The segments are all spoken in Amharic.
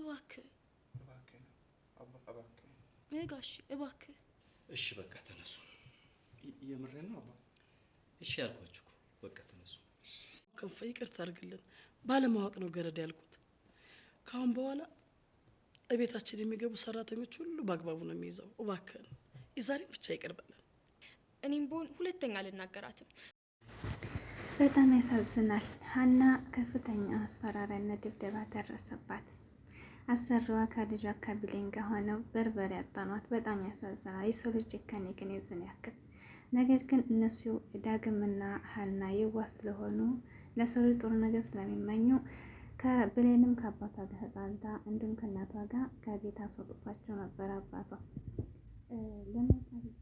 እባክህ እባክህ እባክህ ነጋሽ እባክህ። እሺ በቃ ተነሱ። የምሬ ነው አባ። እሺ ያልኳችሁ እኮ በቃ ተነሱ። ክንፈ ይቅርታ አድርግልን፣ ባለማወቅ ነው ገረድ ያልኩት። ከአሁን በኋላ እቤታችን የሚገቡ ሰራተኞች ሁሉ በአግባቡ ነው የሚይዘው። እባክህን የዛሬም ብቻ ይቅርበለን። እኔም በሆን ሁለተኛ አልናገራትም። በጣም ያሳዝናል። ሀና ከፍተኛ አስፈራሪያና ድብደባ ደረሰባት። አሰሪዋ ከልጇ ካቢሌን ጋር ሆነው በርበሬ አጣኗት በጣም ያሳዝናል። የሰው ልጅ ጭካኔ ግን የዝን ያክል። ነገር ግን እነሱ ዳግምና ሀና የዋ ስለሆኑ ለሰው ልጅ ጥሩ ነገር ስለሚመኙ ከብሌንም ከአባቷ ጋር ተጣልታ እንዲሁም ከእናቷ ጋር ከቤት አስወጥቷቸው ነበር አባቷ ለመሳሪት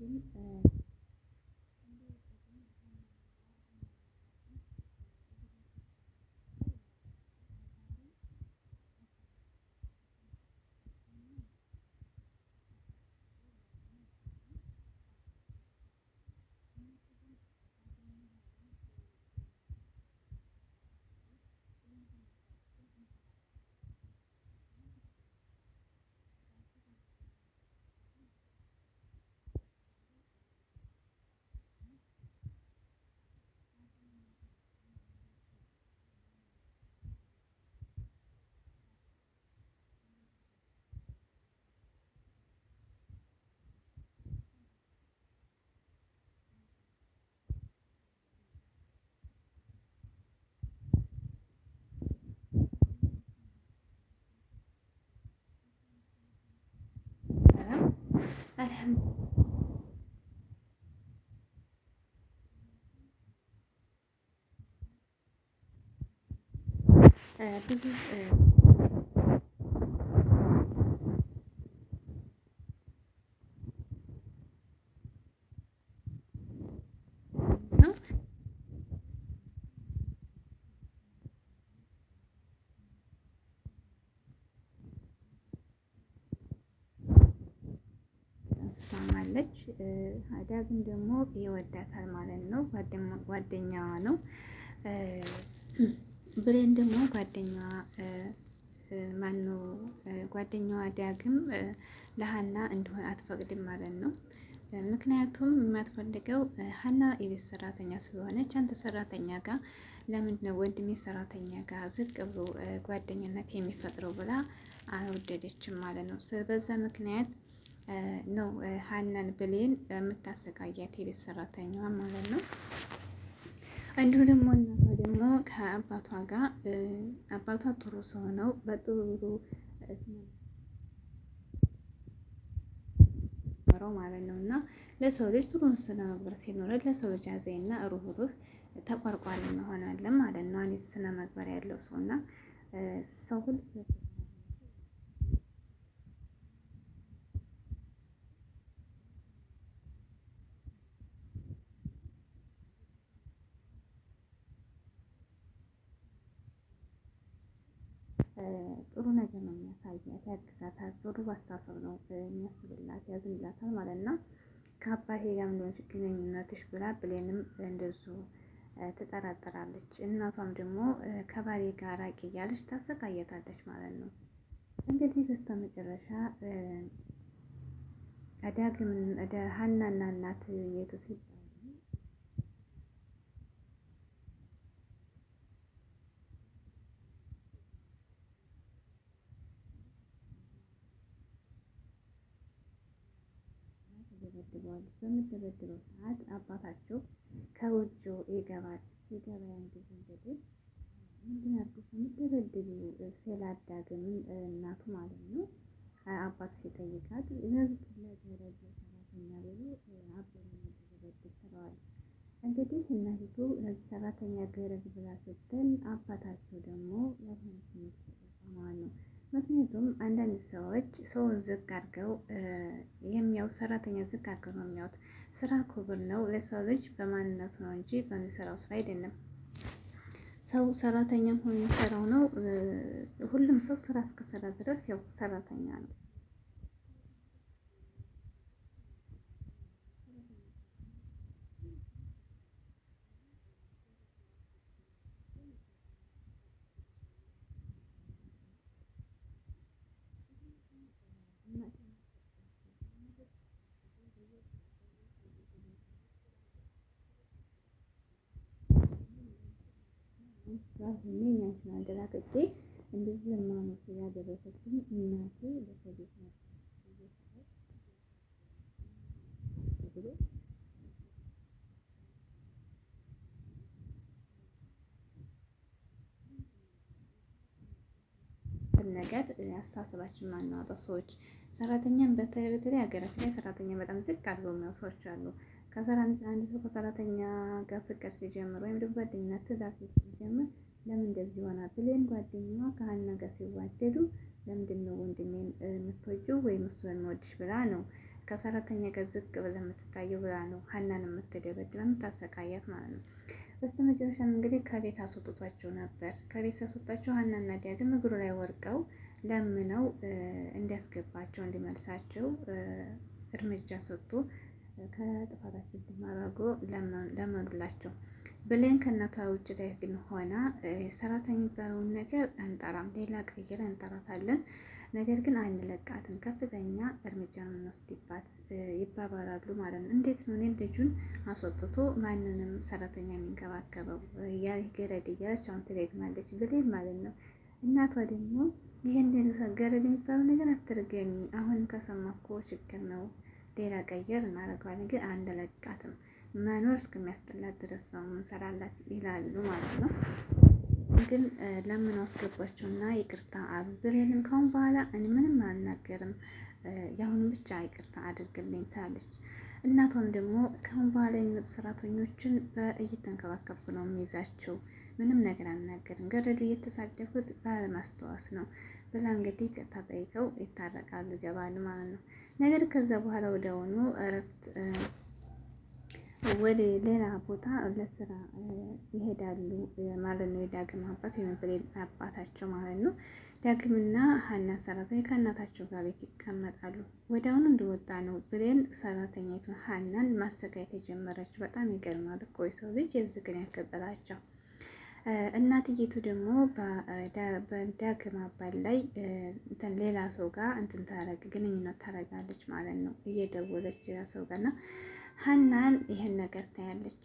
الحمد ብዙ آه، آه. ትሆናለች። ዳግም ደግሞ ይወዳታል ማለት ነው። ጓደኛዋ ነው። ብሬን ደግሞ ጓደኛዋ ማኑ ጓደኛዋ ዳግም ለሀና እንዲሆን አትፈቅድም ማለት ነው። ምክንያቱም የማትፈልገው ሀና የቤት ሰራተኛ ስለሆነች አንተ ሰራተኛ ጋር ለምንድን ነው ወንድሜ ሰራተኛ ጋር ዝቅ ብሎ ጓደኝነት የሚፈጥረው ብላ አልወደደችም ማለት ነው። በዛ ምክንያት ነው ሀናን ብሌን የምታሰቃያት የቤት ሰራተኛዋ ማለት ነው። እንዲሁ ደግሞ እናቷ ደግሞ ከአባቷ ጋር አባቷ ጥሩ ሰው ነው። በጥሩ ማለት ነው እና ለሰው ልጅ ጥሩ ስነ ምግባር ሲኖረ ለሰው ልጅ አዛኝና ሩህሩህ ተቆርቋሪ እንሆናለን ማለት ነው። አንድ ስነ ምግባር ያለው ሰው እና ሰው ሁሉ ያግዛታል። ጥሩ አስተሳሰብ ነው የሚያስብላት ያዝንላታል ማለት ነው። ከአባቴ ጋር እንደሆነች ግንኙነትሽ ብላ ብሌንም እንደሱ ትጠራጠራለች። እናቷም ደግሞ ከባሌ ጋር ራቂ እያለች ታሰቃየታለች ማለት ነው። እንግዲህ በስተ መጨረሻ ሀናና እናት የቱ ይደበድበዋል። በምደበድበው ሰዓት አባታቸው ከጎጆ ይገባል። ሲገባ እንግዲህ እንግዲህ ምንድን ያልኩት የምደበድበው ስላዳግም እናቱ ማለት ነው አባት ሲጠይቃት ለብት ለገረድ ሰራተኛ ብሎ አበበን እንደተበድል ትለዋለች። እንግዲህ እናቲቱ ለዚህ ሰራተኛ ገረድ ብላ ስትል አባታቸው ደግሞ ያልሆነ ትምህርት ተቋማ ነው ምክንያቱም አንዳንድ ሰዎች ሰውን ዝቅ አድርገው የሚያው ሰራተኛ ዝቅ አድርገው ነው የሚያዩት። ስራ ክቡር ነው። ለሰው ልጅ በማንነቱ ነው እንጂ በሚሰራው ስራ አይደለም። ሰው ሰራተኛ ሆኖ የሚሰራው ነው። ሁሉም ሰው ስራ እስከሰራ ድረስ ያው ሰራተኛ ነው። ስራት ሆኜ እኛችን እንደዚህ ያደረሰችኝ እናቴ ነው ነገር አስተሳሰባችን ሰዎች ሰራተኛን በተለይ ሀገራችን ላይ ሰራተኛ በጣም ዝቅ አድርገው የሚያዩ ሰዎች አሉ። አንድ ሰው ከሰራተኛ ጋር ፍቅር ሲጀምር ወይም ደግሞ ጓደኝነት ትዳር ሲጀምር ለምን እንደዚህ ይሆናል ብሌን ጓደኛዋ ከሀና ጋር ሲዋደዱ ለምንድን ነው ወንድሜን የምትወጂው ወይም እሱ የምወድሽ ብላ ነው ከሰራተኛ ጋር ዝቅ ብለ የምትታየው ብላ ነው ሀናን የምትደበድበ የምታሰቃያት ማለት ነው። በስተ መጨረሻም እንግዲህ ከቤት አስወጥቷቸው ነበር። ከቤት ሲያስወጣቸው ዲያ ዲያግም እግሩ ላይ ወርቀው ለምነው እንዲያስገባቸው እንዲመልሳቸው እርምጃ ሰጡ። ከጥፋታችን እንድትመረጉ ለመብላቸው ብለን ከእናቷ ውጭ ላይ ግን ሆና ሰራተኛ የሚባለውን ነገር አንጠራም፣ ሌላ ቀይረ እንጠራታለን። ነገር ግን አንለቃትም፣ ከፍተኛ እርምጃ ነው የምንወስድባት ይባባላሉ ማለት ነው። እንዴት ነው እኔን ልጁን አስወጥቶ ማንንም ሰራተኛ የሚንከባከበው ገረድ እያለች አሁን ትደግማለች ብለን ማለት ነው። እናቷ ደግሞ ይህን ገረድ የሚባለው ነገር አትርገሚ፣ አሁን ከሰማኮ ችግር ነው ሌላ ቀየር እናደርገዋለን። ግን አንለቃትም። መኖር እስከሚያስጠላት ድረስ ነው የምንሰራላት ይላሉ ማለት ነው። ግን ለምን አስገባቸው እና ይቅርታ አብሬልን ካሁን በኋላ እኔ ምንም አልናገርም፣ የአሁኑ ብቻ ይቅርታ አድርግልኝ ትላለች። እናቷም ደግሞ ካሁን በኋላ የሚመጡ ሰራተኞችን በእየተንከባከብኩ ነው የሚይዛቸው፣ ምንም ነገር አልናገርም፣ ገረዱ እየተሳደፉት ባለማስተዋስ ነው ብላ እንግዲህ ቅርታ ጠይቀው ይታረቃሉ፣ ይገባሉ ማለት ነው። ነገር ከዛ በኋላ ወደሆኑ እረፍት ወደ ሌላ ቦታ ለስራ ይሄዳሉ ማለት ነው። የዳግም አባት ወይም አባታቸው ማለት ነው። ዳግምና ሀና ሰራተኛ ከእናታቸው ጋር ቤት ይቀመጣሉ። ወዲያውኑ እንደወጣ ነው ብሌን ሰራተኛቱን ሀናን ማሰቃየት የጀመረችው። በጣም ይገርማል እኮ የሰው ልጅ የዝግን ያከጠላቸው እናትየቱ ደግሞ በዳግም አባል ላይ ሌላ ሰው ጋር እንትን ታረግ ግንኙነት ታረጋለች ማለት ነው። እየደወለች ሌላ ሰው ጋር እና ሀናን ይህን ነገር ታያለች።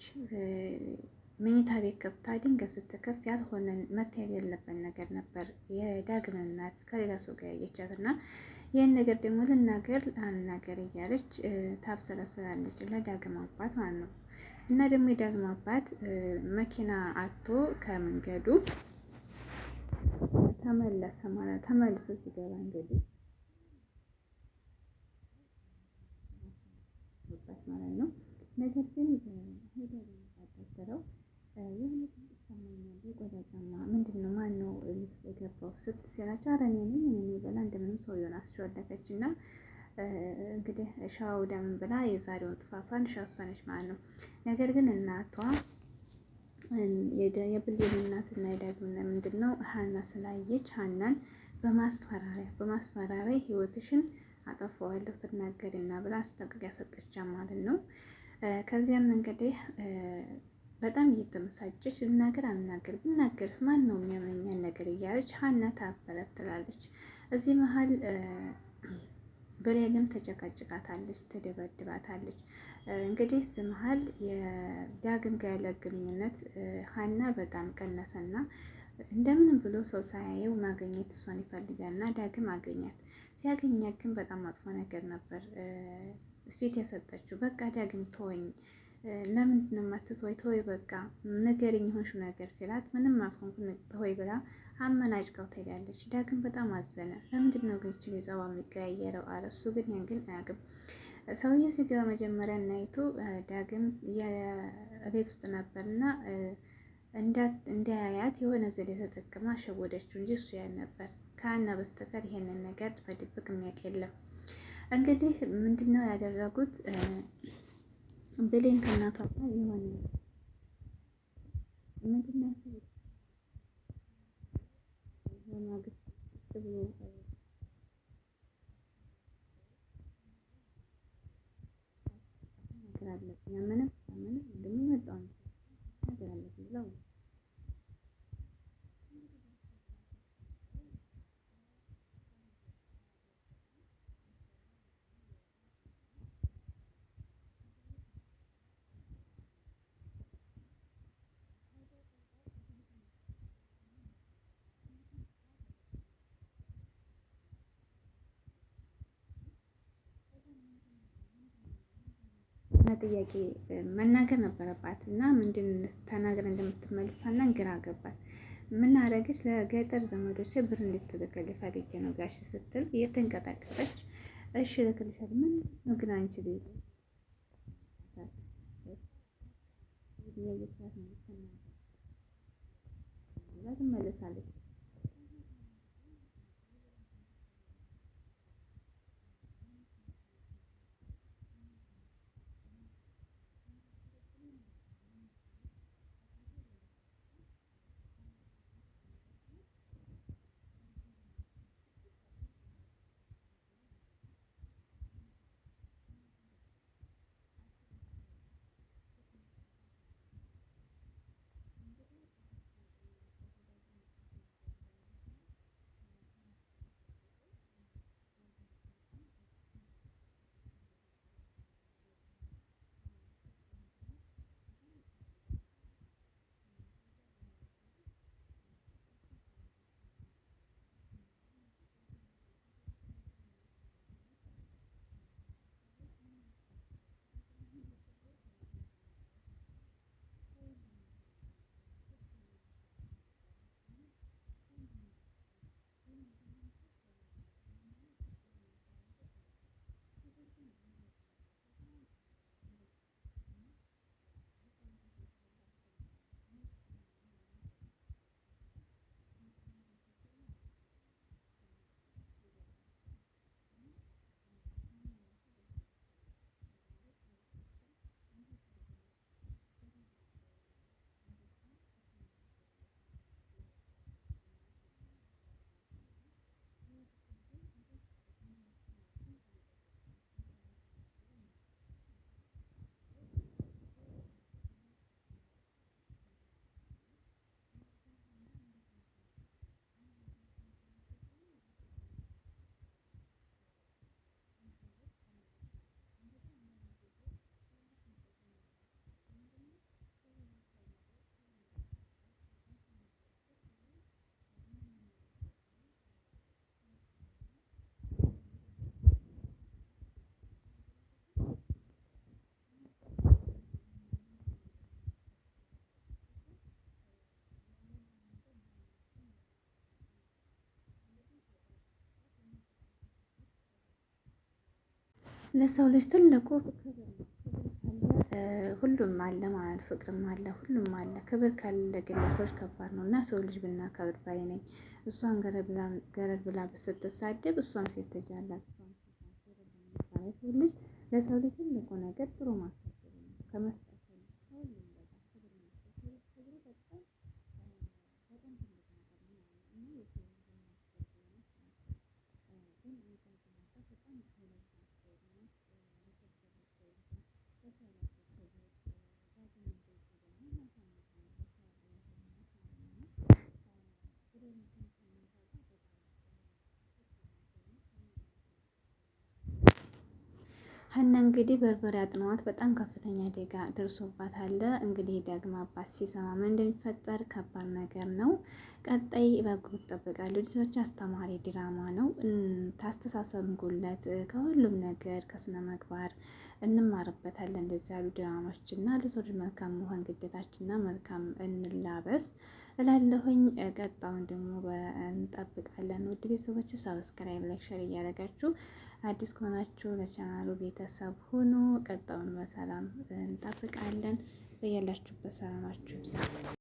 መኝታ ቤት ከፍታ ድንገት ስትከፍት ያልሆነን መታየት ያለበት ነገር ነበር። የዳግም እናት ከሌላ ሰው ጋር ያየቻት እና ይህን ነገር ደግሞ ልናገር አልናገር እያለች ታብሰለስላለች ለዳግም አባት ማለት ነው። እና ደግሞ የዳግም አባት መኪና አቶ ከመንገዱ ተመለሰ ማለት ተመልሶ ሲገባ እንግዲህ ማለት ነው። ነገር ግን ሄደር ያጠረው የሆነ ትልቅ ጫማ የቆዳ ጫማ ምንድን ነው ማን ነው የገባው ስት ሲላቸው አረ እኔ ነኝ እኔ በላ እንደምንም ሰውየውን አስቸወለፈች እና እንግዲህ ሻው ደምን ብላ የዛሬውን ጥፋቷን ሸፈነች ማለት ነው። ነገር ግን እናቷ የብሌን እናትና የዳግምና ምንድን ነው ሀና ስላየች ሀናን በማስፈራሪያ በማስፈራሪያ ህይወትሽን አጠፋዋለሁ ትናገሪና ብላ አስጠንቀቂያ ሰጠቻ ማለት ነው። ከዚያም እንግዲህ በጣም እየተመሳጨች ልናገር አልናገር ብናገርስ ማን ነው የሚያምነኛን ነገር እያለች ሀና ታበረትላለች። እዚህ መሀል ብሌንም ተጨቃጭቃታለች፣ ትደበድባታለች። እንግዲህ እዚህ መሀል ዳግም ጋር ያለ ግንኙነት ሀና በጣም ቀነሰና እንደምንም ብሎ ሰው ሳያየው ማገኘት እሷን ይፈልጋልና ዳግም አገኛት። ሲያገኛት ግን በጣም መጥፎ ነገር ነበር ፊት የሰጠችው። በቃ ዳግም ተወኝ፣ ለምንድን ነው የማትተወኝ? ተወይ በቃ ንገሪኝ የሆንሽው ነገር ሲላት ምንም አልሆንኩም ተወይ ብላ አመናጭቀው ትሄዳለች። ዳግም በጣም አዘነ። ለምንድን ነው ግን ችል የጸባ የሚቀያየረው አለ። እሱ ግን ይህን ግን አያውቅም። ሰውዬው ሲገባ መጀመሪያ እናይቱ ዳግም የቤት ውስጥ ነበርና እንዳያያት የሆነ ዘዴ ተጠቅማ ሸወደችው እንጂ እሱ ያን ነበር ከአና በስተቀር ይሄንን ነገር በድብቅ የሚያውቅ የለም። እንግዲህ ምንድነው ያደረጉት? ብሌን ከእናቷ ጋር የሆነ ምንድነው በማግስት ብሎ ነገር አለብኝ ምንም ምንም እንደሚመጣው ነገር አለብኝ ብለው ጥያቄ መናገር ነበረባት እና ምንድን ተናግረ እንደምትመልሳና ግራ ገባት። ምናረግች ለገጠር ዘመዶች ብር እንድትልክል ፈልጌ ነው ጋሽ ስትል እየተንቀጠቀጠች እሺ ልክልሻል፣ ምን ምግን አንቺ ቤት ትመልሳለች ለሰው ልጅ ትልቁ ሁሉም አለ ማለት ፍቅርም አለ ሁሉም አለ። ክብር ካለ ግለሰቦች ከባድ ነው እና ሰው ልጅ ብናከብር ባይ ነኝ። እሷን ገረድ ብላ ብስትሳደብ እሷም ሴት ልጅ አላት። ሰው ልጅ ለሰው ልጅ ትልቁ ነገር ጥሩ ማሰብ ከመስ ሀና እንግዲህ በርበሬ አጥኗት በጣም ከፍተኛ አደጋ አለ። እንግዲህ ዳግም አባት ሲሰማ ምን እንደሚፈጠር ከባድ ነገር ነው። ቀጣይ በጉጉት ይጠበቃሉ። ልጆች አስተማሪ ድራማ ነው። ታስተሳሰብ ጉለት ከሁሉም ነገር ከስነ መግባር እንማርበታለን። እንደዚህ ያሉ ድራማዎች እና ለሰው ልጅ መልካም መሆን ግዴታችንና መልካም እንላበስ እላለሁኝ። ቀጣውን ደግሞ እንጠብቃለን። ውድ ቤተሰቦች ሰብስክራይብ፣ ላይክ፣ ሸር እያደረጋችሁ አዲስ ከሆናችሁ ለቻናሉ ቤተሰብ ሁኑ። ቀጣውን በሰላም እንጠብቃለን። በያላችሁበት ሰላማችሁ ይብዛ።